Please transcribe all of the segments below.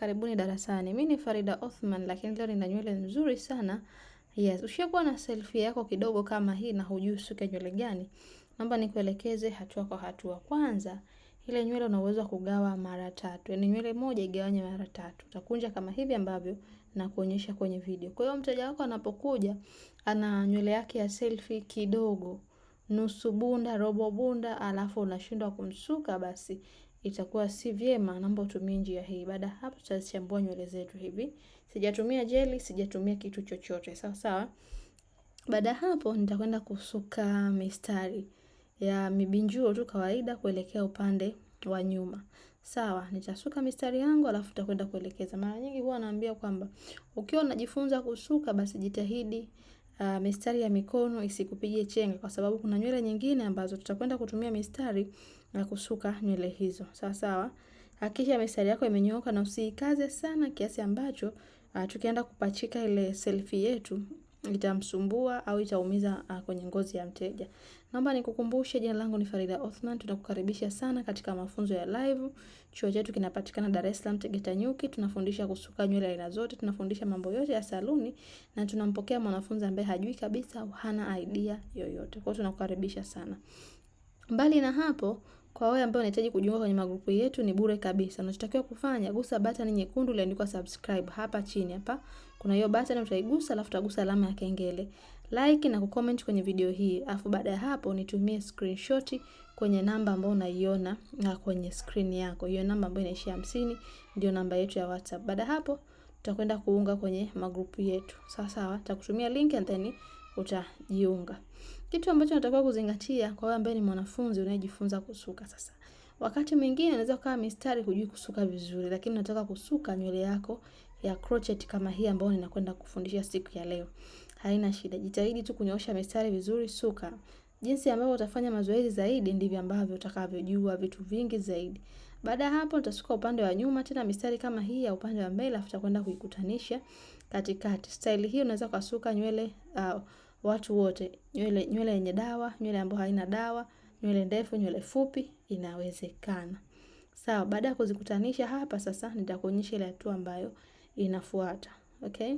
Karibuni darasani. Mimi ni Farida Othman, lakini leo nina nywele nzuri sana. Yes, ushakuwa na selfie yako kidogo kama hii na hujui usuke nywele gani? Naomba nikuelekeze hatua kwa hatua. Kwanza, ile nywele una uwezo kugawa mara tatu. Yaani nywele moja igawanye mara tatu. Utakunja kama hivi ambavyo kuonyesha kwenye video. Kwa hiyo mteja wako anapokuja ana nywele yake ya selfie kidogo, nusu bunda, robo bunda, alafu unashindwa kumsuka basi itakuwa si vyema, naomba utumie njia hii. Baada hapo tutachambua nywele zetu hivi. Sijatumia jeli, sijatumia kitu chochote, sawa sawa. Baada hapo nitakwenda kusuka mistari ya mibinjuo tu kawaida kuelekea upande wa nyuma. Sawa, nitasuka mistari yangu alafu nitakwenda kuelekeza. Mara nyingi huwa naambia kwamba ukiwa unajifunza kusuka basi jitahidi uh, mistari ya mikono isikupige chenga, kwa sababu kuna nywele nyingine ambazo tutakwenda kutumia mistari na kusuka nywele hizo sawa sawa. Hakikisha mistari yako imenyooka na usiikaze sana kiasi ambacho uh, tukienda kupachika ile selfie yetu itamsumbua au itaumiza uh, kwenye ngozi ya mteja. Naomba nikukumbushe, jina langu ni Farida Othman. Tunakukaribisha sana katika mafunzo ya live. Chuo chetu kinapatikana Dar es Salaam, Tegeta Nyuki. Tunafundisha kusuka nywele aina zote, tunafundisha mambo yote ya saluni na tunampokea mwanafunzi ambaye hajui kabisa au hana idea yoyote. Kwa hiyo tunakukaribisha sana. Mbali na hapo, kwa wale ambao wanahitaji kujiunga kwenye magrupu yetu ni bure kabisa. Unachotakiwa kufanya, gusa button nyekundu iliyoandikwa subscribe hapa chini hapa. Kuna hiyo button utaigusa alafu utagusa alama ya kengele. Like na kucomment kwenye video hii. Alafu baada ya hapo nitumie screenshot kwenye namba ambayo unaiona na ah, kwenye screen yako. Hiyo namba ambayo inaishia hamsini ndio namba yetu ya WhatsApp. Baada hapo tutakwenda kuunga kwenye magrupu yetu. Sawa sawa, nitakutumia link and then utajiunga. Kitu ambacho natakiwa kuzingatia kwa wewe ambaye ni mwanafunzi unayejifunza kusuka sasa. Wakati mwingine unaweza kuwa mistari hujui kusuka vizuri, lakini unataka kusuka nywele yako ya crochet kama hii ambayo ninakwenda kufundisha siku ya leo. Haina shida. Jitahidi tu kunyoosha mistari vizuri, suka. Jinsi ambavyo utafanya mazoezi zaidi ndivyo ambavyo utakavyojua vitu vingi zaidi. Baada ya hapo nitasuka upande wa nyuma tena mistari kama hii ya upande wa mbele afuta kwenda kuikutanisha katikati. Staili hii unaweza kusuka nywele uh, watu wote, nywele nywele yenye dawa, nywele ambayo haina dawa, nywele ndefu, nywele fupi, inawezekana. Sawa, baada ya kuzikutanisha hapa sasa nitakuonyesha ile hatua ambayo inafuata. Okay?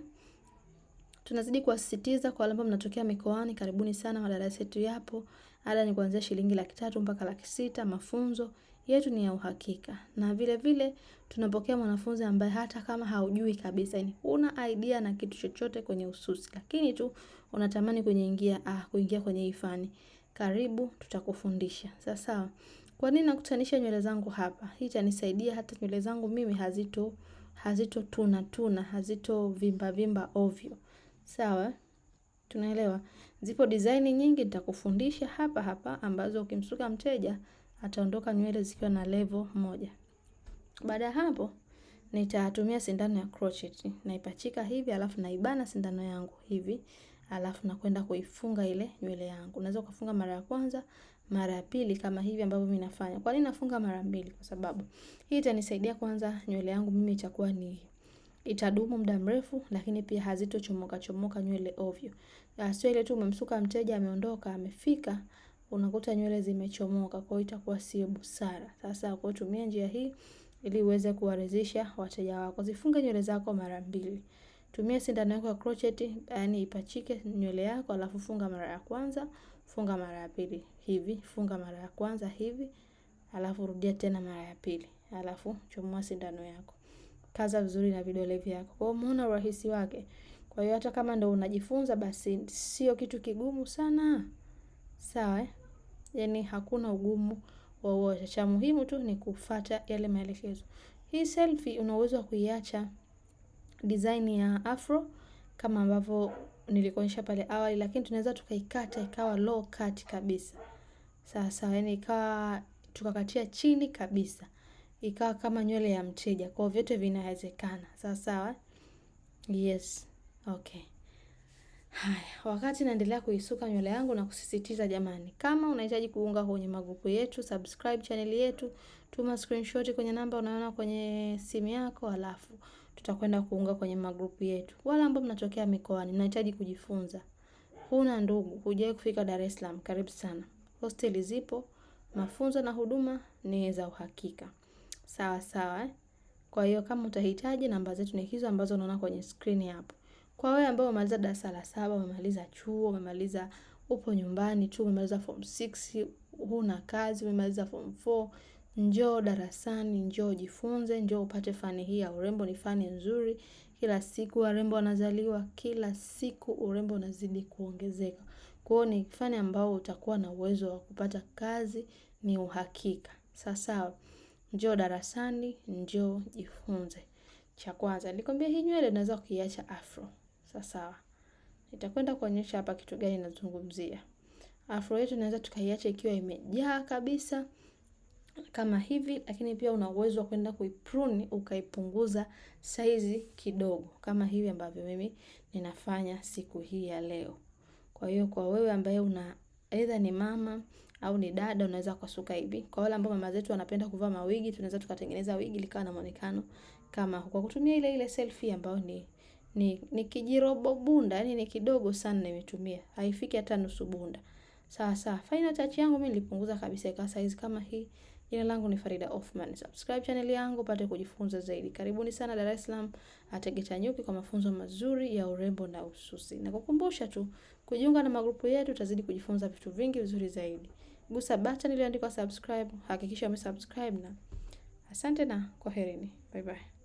Tunazidi kuwasisitiza kwa wale ambao mnatokea mikoani, karibuni sana, madarasa yetu yapo. Ada ni kuanzia shilingi laki tatu mpaka laki sita mafunzo yetu ni ya uhakika, na vile vile tunapokea mwanafunzi ambaye hata kama haujui kabisa, yani huna idea na kitu chochote kwenye ususi, lakini tu unatamani kuingia ah, kuingia kwenye hii fani, karibu, tutakufundisha sasa. sawa. Kwa nini nakutanisha nywele zangu hapa? Hii itanisaidia hata nywele zangu mimi hazito hazito tuna tuna hazito vimba vimba ovyo, sawa. Tunaelewa. Zipo design nyingi nitakufundisha hapa hapa ambazo ukimsuka mteja ataondoka nywele zikiwa na level moja. Baada ya hapo nitatumia sindano ya crochet. Naipachika hivi alafu naibana sindano yangu hivi alafu nakwenda kuifunga ile nywele yangu. Unaweza kufunga mara ya kwanza, mara ya pili kama hivi ambavyo mimi nafanya. Kwa nini nafunga mara mbili? Kwa sababu hii itanisaidia kwanza nywele yangu mimi itakuwa ni itadumu muda mrefu, lakini pia hazitochomoka chomoka nywele ovyo. Ah, sio ile tu umemsuka mteja ameondoka amefika, unakuta nywele zimechomoka, kwa hiyo itakuwa sio busara. Sasa kwa tumia njia hii ili uweze kuwaridhisha wateja wako. Zifunge nywele zako mara mbili. Tumia sindano yako ya crochet, yani ipachike nywele yako, alafu funga mara ya kwanza, funga mara ya pili hivi, funga mara ya kwanza hivi, alafu rudia tena mara ya pili, alafu chomoa sindano yako. Kaza vizuri na vidole vyako. Kwa hiyo umeona urahisi wake. Kwa hiyo hata kama ndo unajifunza, basi sio kitu kigumu sana sawa eh? Yani hakuna ugumu wowote, cha muhimu tu ni kufata yale maelekezo. Hii selfie una uwezo wa kuiacha design ya afro kama ambavyo nilikuonyesha pale awali, lakini tunaweza tukaikata ikawa low cut kabisa, sawa sawa, yani ikawa tukakatia chini kabisa ikawa kama nywele ya mteja. Kwa vyote vinawezekana, sawa sawa. Eh? Yes, okay. Haya, wakati naendelea kuisuka nywele yangu na kusisitiza jamani, kama unahitaji kuunga kwenye magrupu yetu, subscribe channel yetu, tuma screenshot kwenye namba unaona kwenye simu yako, alafu tutakwenda kuunga kwenye magrupu yetu. Wala ambao mnatokea mikoani, mnahitaji kujifunza, huna ndugu, hujawahi kufika Dar es Salaam, karibu sana. Hosteli zipo, mafunzo na huduma ni za uhakika. Sawa sawa eh? Kwa hiyo kama utahitaji, namba zetu ni hizo ambazo unaona kwenye screen hapo. Kwa wewe ambao umemaliza darasa la saba, umemaliza chuo, umemaliza upo nyumbani tu, umemaliza form 6, huna kazi, umemaliza form 4, njoo darasani, njoo jifunze, njoo upate fani hii ya urembo, ni fani nzuri. Kila siku warembo wanazaliwa, kila siku urembo unazidi kuongezeka. Kwa hiyo ni fani ambao utakuwa na uwezo wa kupata kazi ni uhakika. Sasa njoo darasani, njoo jifunze. Cha kwanza, nikwambia, hii nywele unaweza kuiacha afro sawa. Nitakwenda kuonyesha hapa kitu gani nazungumzia. Afro yetu naweza tukaiacha ikiwa imejaa kabisa kama hivi, lakini pia una uwezo wa kwenda kuiprune ukaipunguza saizi kidogo kama hivi ambavyo mimi ninafanya siku hii ya leo. Kwa hiyo kwa wewe ambaye una aidha ni mama au ni dada, unaweza kusuka hivi. Kwa wale ambao mama zetu wanapenda kuvaa mawigi, tunaweza tukatengeneza wigi likawa na muonekano kama kwa kutumia ile ile selfie ambayo ni ni, ni kijirobo bunda, yani ni kidogo sana nimetumia, haifiki hata nusu bunda. Sawa sawa, final touch yangu mimi nilipunguza kabisa ikawa size kama hii. Jina langu ni Farida Othman. Subscribe channel yangu pate kujifunza zaidi. Karibuni sana Dar es Salaam Ategeta Nyuki kwa mafunzo mazuri ya urembo na ususi. Na kukumbusha tu kujiunga na magrupu yetu utazidi kujifunza vitu vingi vizuri zaidi. Gusa button iliyoandikwa subscribe, hakikisha umesubscribe na asante na kwaherini. Bye bye.